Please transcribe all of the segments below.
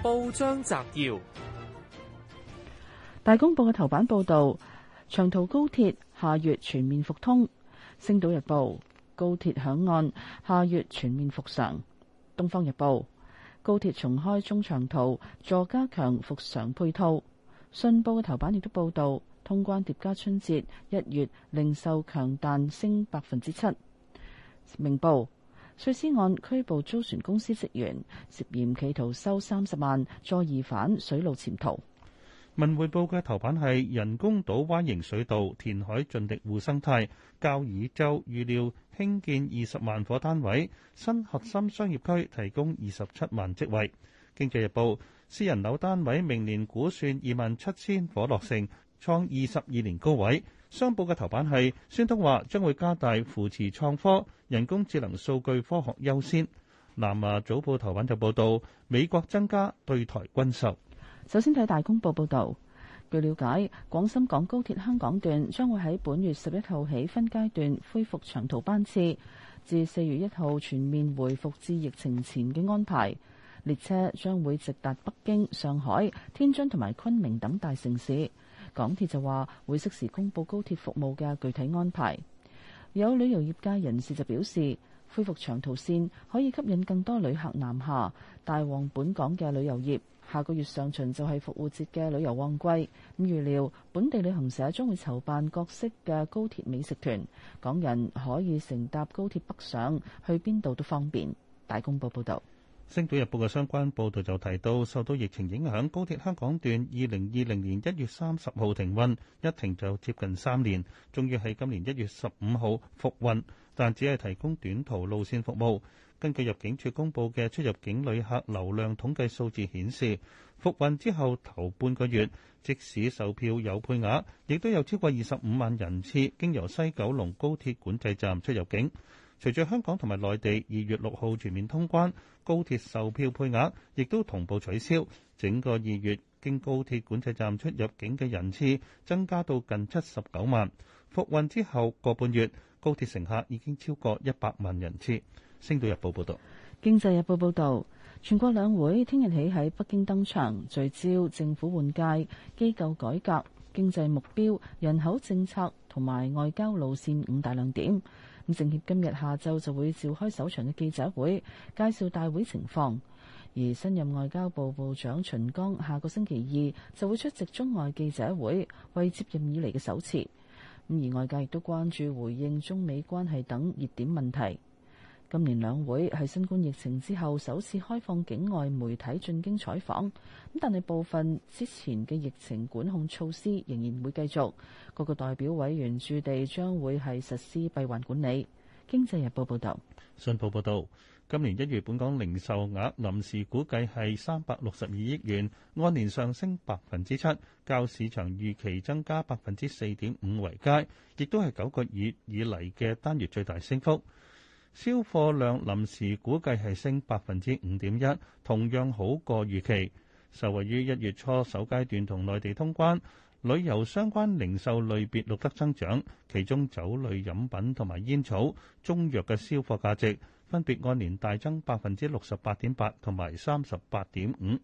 報章摘要：大公報嘅頭版報道，長途高鐵下月全面復通；星島日報高鐵響岸，下月全面復常；東方日報高鐵重開中長途，助加強復常配套。信報嘅頭版亦都報道，通關疊加春節一月零售強彈升百分之七。明報。碎屍案拘捕租船公司職員，涉嫌企圖收三十萬，再疑犯水路潛逃。文匯報嘅頭版係人工島彎形水道填海盡地護生態，交椅洲預料興建二十萬伙單位，新核心商業區提供二十七萬職位。經濟日報，私人樓單位明年估算二萬七千伙落成，創二十二年高位。商報嘅頭版係，孫東話將會加大扶持創科、人工智能、數據科學優先。南華早報頭版就報道，美國增加對台軍售。首先睇大公報報道，據了解，廣深港高鐵香港段將會喺本月十一號起分階段恢復長途班次，至四月一號全面恢復至疫情前嘅安排。列車將會直達北京、上海、天津同埋昆明等大城市。港鐵就話會適時公佈高鐵服務嘅具體安排。有旅遊業界人士就表示，恢復長途線可以吸引更多旅客南下，帶旺本港嘅旅遊業。下個月上旬就係復活節嘅旅遊旺季，咁預料本地旅行社將會籌辦各式嘅高鐵美食團，港人可以乘搭高鐵北上去邊度都方便。大公報報道。星島日報嘅相關報導就提到，受到疫情影響，高鐵香港段二零二零年一月三十號停運，一停就接近三年，終於係今年一月十五號復運，但只係提供短途路線服務。根據入境處公佈嘅出入境旅客流量統計數字顯示，復運之後頭半個月，即使售票有配額，亦都有超過二十五萬人次經由西九龍高鐵管制站出入境。隨著香港同埋內地二月六號全面通關，高鐵售票配額亦都同步取消。整個二月經高鐵管制站出入境嘅人次增加到近七十九萬。復運之後個半月，高鐵乘客已經超過一百萬人次。星島日報報道。《經濟日報》報道，全國兩會聽日起喺北京登場，聚焦政府換屆、機構改革、經濟目標、人口政策同埋外交路線五大亮點。政協今日下晝就會召開首場嘅記者會，介紹大會情況。而新任外交部部長秦剛下個星期二就會出席中外記者會，為接任以來嘅首次。而外界亦都關注回應中美關係等熱點問題。今年兩會係新冠疫情之後首次開放境外媒體進京採訪，咁但係部分之前嘅疫情管控措施仍然會繼續，各個代表委員駐地將會係實施閉環管理。經濟日報報道，信報報道，今年一月本港零售額臨時估計係三百六十二億元，按年上升百分之七，較市場預期增加百分之四點五為佳，亦都係九個月以嚟嘅單月最大升幅。銷貨量臨時估計係升百分之五點一，同樣好過預期。受惠於一月初首階段同內地通關，旅遊相關零售類別錄得增長，其中酒類飲品同埋煙草、中藥嘅銷貨價值分別按年大增百分之六十八點八同埋三十八點五。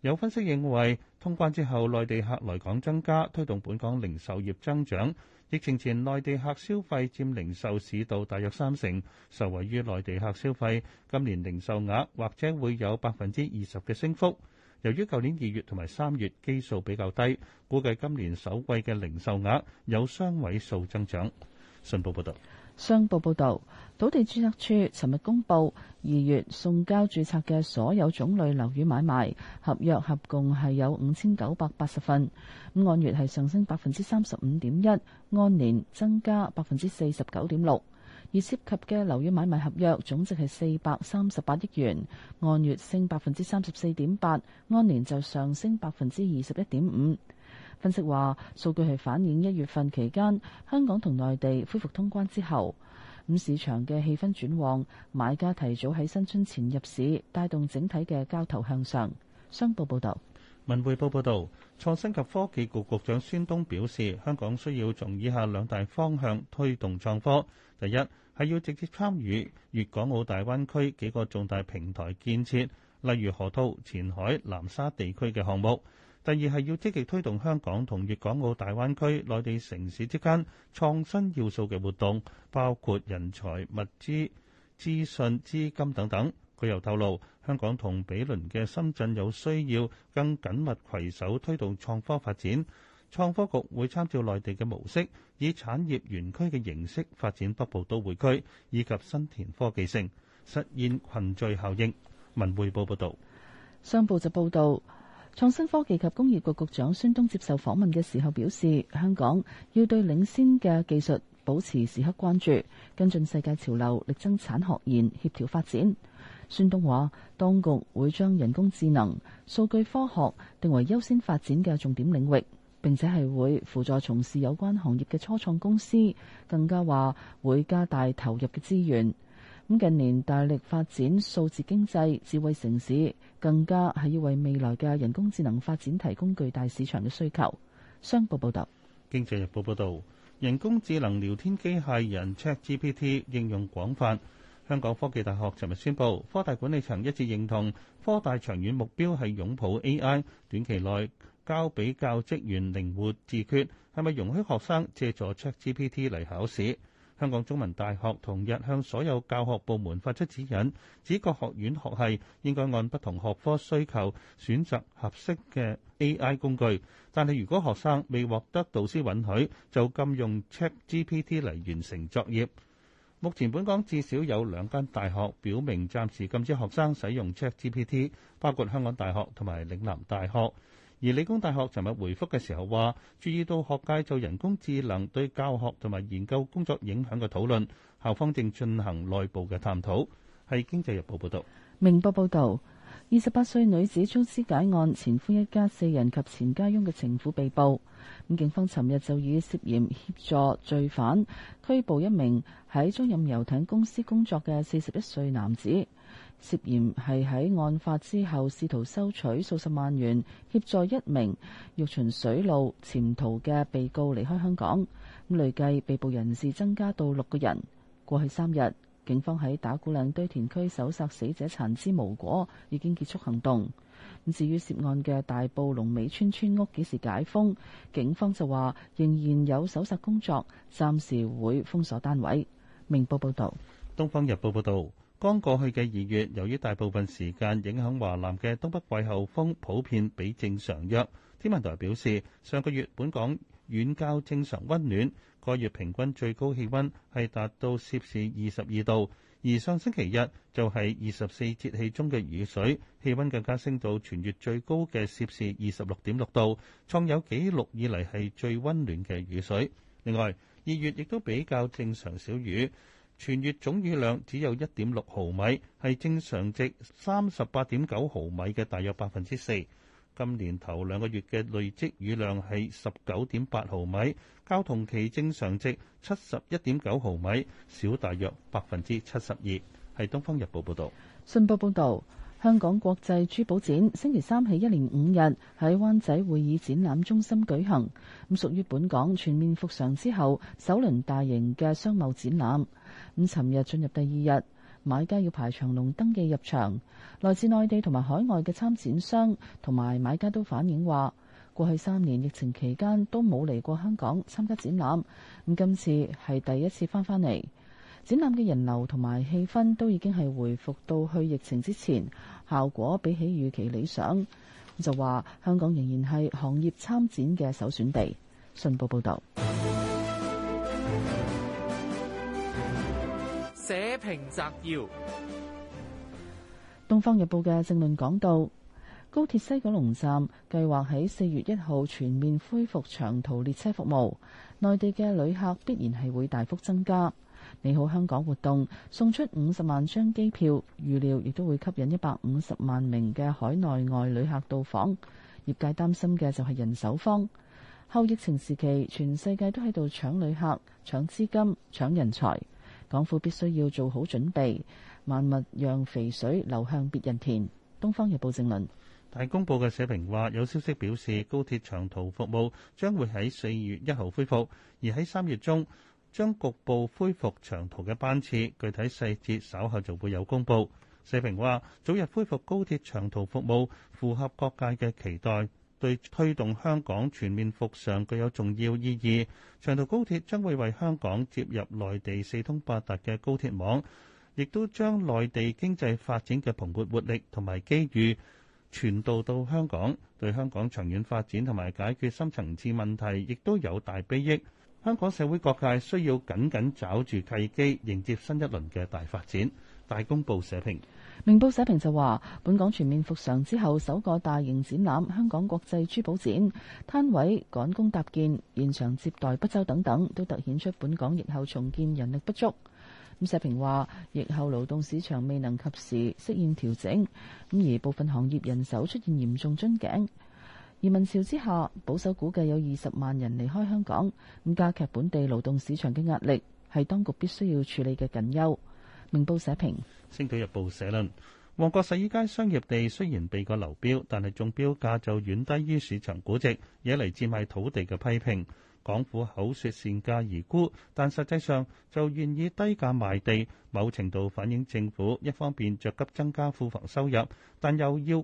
有分析認為，通關之後，內地客來港增加，推動本港零售業增長。疫情前，內地客消費佔零售市道大約三成，受惠於內地客消費，今年零售額或者會有百分之二十嘅升幅。由於舊年二月同埋三月基數比較低，估計今年首季嘅零售額有雙位數增長。信報報道。商報報導，土地註冊處尋日公布，二月送交註冊嘅所有種類樓宇買賣合約合共係有五千九百八十份，按月係上升百分之三十五點一，按年增加百分之四十九點六，而涉及嘅樓宇買賣合約總值係四百三十八億元，按月升百分之三十四點八，按年就上升百分之二十一點五。分析話，數據係反映一月份期間香港同內地恢復通關之後，咁市場嘅氣氛轉旺，買家提早喺新春前入市，帶動整體嘅交投向上。商報報導，文匯報報道：創新及科技局局長孫東表示，香港需要從以下兩大方向推動創科：第一係要直接參與粵港澳大灣區幾個重大平台建設，例如河套、前海、南沙地區嘅項目。第二係要積極推動香港同粵港澳大灣區內地城市之間創新要素嘅活動，包括人才、物資、資訊、資金等等。佢又透露，香港同比鄰嘅深圳有需要更緊密攜手推動創科發展，創科局會參照內地嘅模式，以產業園區嘅形式發展北部都會區以及新田科技城，實現群聚效應。文匯報報導，商報就報道。創新科技及工業局局長孫東接受訪問嘅時候表示，香港要對領先嘅技術保持時刻關注，跟進世界潮流，力爭產學研協調發展。孫東話，當局會將人工智能、數據科學定為優先發展嘅重點領域，並且係會輔助從事有關行業嘅初創公司。更加話會加大投入嘅資源。咁近年大力發展數字經濟、智慧城市，更加係要為未來嘅人工智能發展提供巨大市場嘅需求。商報報道，《經濟日報》報道，人工智能聊天機械人 ChatGPT 應用廣泛。香港科技大學尋日宣布，科大管理層一致認同科大長遠目標係擁抱 AI，短期內交畀教職員靈活自決，係咪容許學生借助 ChatGPT 嚟考試？香港中文大學同日向所有教學部門發出指引，指各學院學系應該按不同學科需求選擇合適嘅而理工大學尋日回覆嘅時候話，注意到學界就人工智能對教學同埋研究工作影響嘅討論，校方正進行內部嘅探討。係《經濟日報》報道。明報報道：「二十八歲女子縱屍解案，前夫一家四人及前家翁嘅情婦被捕。咁警方尋日就以涉嫌協助罪犯拘捕一名喺租賃遊艇公司工作嘅四十一歲男子。涉嫌係喺案發之後試圖收取數十萬元，協助一名欲循水路潛逃嘅被告離開香港。咁累計被捕人士增加到六個人。過去三日，警方喺打鼓嶺堆填區搜查死者殘肢無果，已經結束行動。咁至於涉案嘅大埔龍尾村村屋幾時解封，警方就話仍然有搜查工作，暫時會封鎖單位。明報報道。《東方日報》報導。剛過去嘅二月，由於大部分時間影響華南嘅東北季候風普遍比正常弱。天文台表示，上個月本港遠較正常温暖，個月平均最高氣温係達到攝氏二十二度，而上星期日就係二十四節氣中嘅雨水，氣温更加升到全月最高嘅攝氏二十六點六度，創有紀錄以嚟係最温暖嘅雨水。另外，二月亦都比較正常少雨。全月總雨量只有一點六毫米，係正常值三十八點九毫米嘅大約百分之四。今年頭兩個月嘅累積雨量係十九點八毫米，較同期正常值七十一點九毫米少大約百分之七十二。係《東方日報》報導，新報報導。香港國際珠寶展星期三起一連五日喺灣仔會議展覽中心舉行，咁屬於本港全面復常之後首輪大型嘅商貿展覽。咁尋日進入第二日，買家要排長龍登記入場。來自內地同埋海外嘅參展商同埋買家都反映話，過去三年疫情期間都冇嚟過香港參加展覽，咁今次係第一次翻返嚟。展覽嘅人流同埋氣氛都已經係回復到去疫情之前，效果比起預期理想。就話香港仍然係行業參展嘅首選地。信報報道。社評摘要：東方日報嘅政論講到。高鐵西九龍站計劃喺四月一號全面恢復長途列車服務，內地嘅旅客必然係會大幅增加。你好，香港活動送出五十萬張機票，預料亦都會吸引一百五十萬名嘅海內外旅客到訪。業界擔心嘅就係人手荒。後疫情時期，全世界都喺度搶旅客、搶資金、搶人才，港府必須要做好準備。萬物讓肥水流向別人田。東方日報正論。大公報嘅社評話有消息表示，高鐵長途服務將會喺四月一號恢復，而喺三月中將局部恢復長途嘅班次，具體細節稍後就會有公布。社評話早日恢復高鐵長途服務，符合各界嘅期待，對推動香港全面復常具有重要意義，長途高鐵將會為香港接入內地四通八達嘅高鐵網，亦都將內地經濟發展嘅蓬勃活力同埋機遇，傳導到香港，對香港長遠發展同埋解決深層次問題，亦都有大裨益。香港社會各界需要緊緊抓住契機，迎接新一輪嘅大發展。大公報社評，明報社評就話：本港全面復常之後，首個大型展覽——香港國際珠寶展，攤位趕工搭建，現場接待不周等等，都突顯出本港日後重建人力不足。咁社評話，疫後勞動市場未能及時適應調整，咁而部分行業人手出現嚴重樽頸。移民潮之下，保守估計有二十萬人離開香港，咁加劇本地勞動市場嘅壓力，係當局必須要處理嘅緊憂。明報社評、星島日報社論，旺角洗衣街商業地雖然避過流標，但係中標價就遠低於市場估值，惹嚟賤賣土地嘅批評。港府口說善價而沽，但實際上就願意低價賣地，某程度反映政府一方面着急增加庫房收入，但又要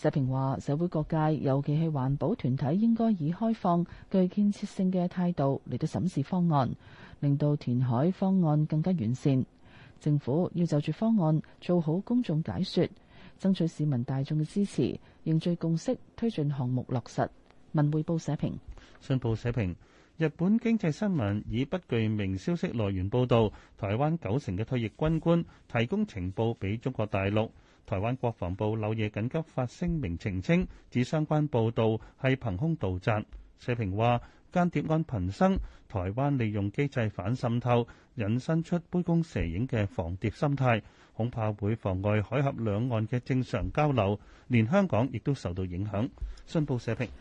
社評話，社會各界，尤其係環保團體，應該以開放、具建設性嘅態度嚟到審視方案，令到填海方案更加完善。政府要就住方案做好公眾解說，爭取市民大眾嘅支持，凝聚共識，推進項目落實。文匯報社評，信報社評。日本經濟新聞以不具名消息來源報道，台灣九成嘅退役軍官提供情報俾中國大陸。台灣國防部漏夜緊急發聲明澄清，指相關報導係憑空杜撰。社評話：間諜案頻生，台灣利用機制反滲透，引申出杯弓蛇影嘅防諜心態，恐怕會妨礙海峽兩岸嘅正常交流，連香港亦都受到影響。信報社評。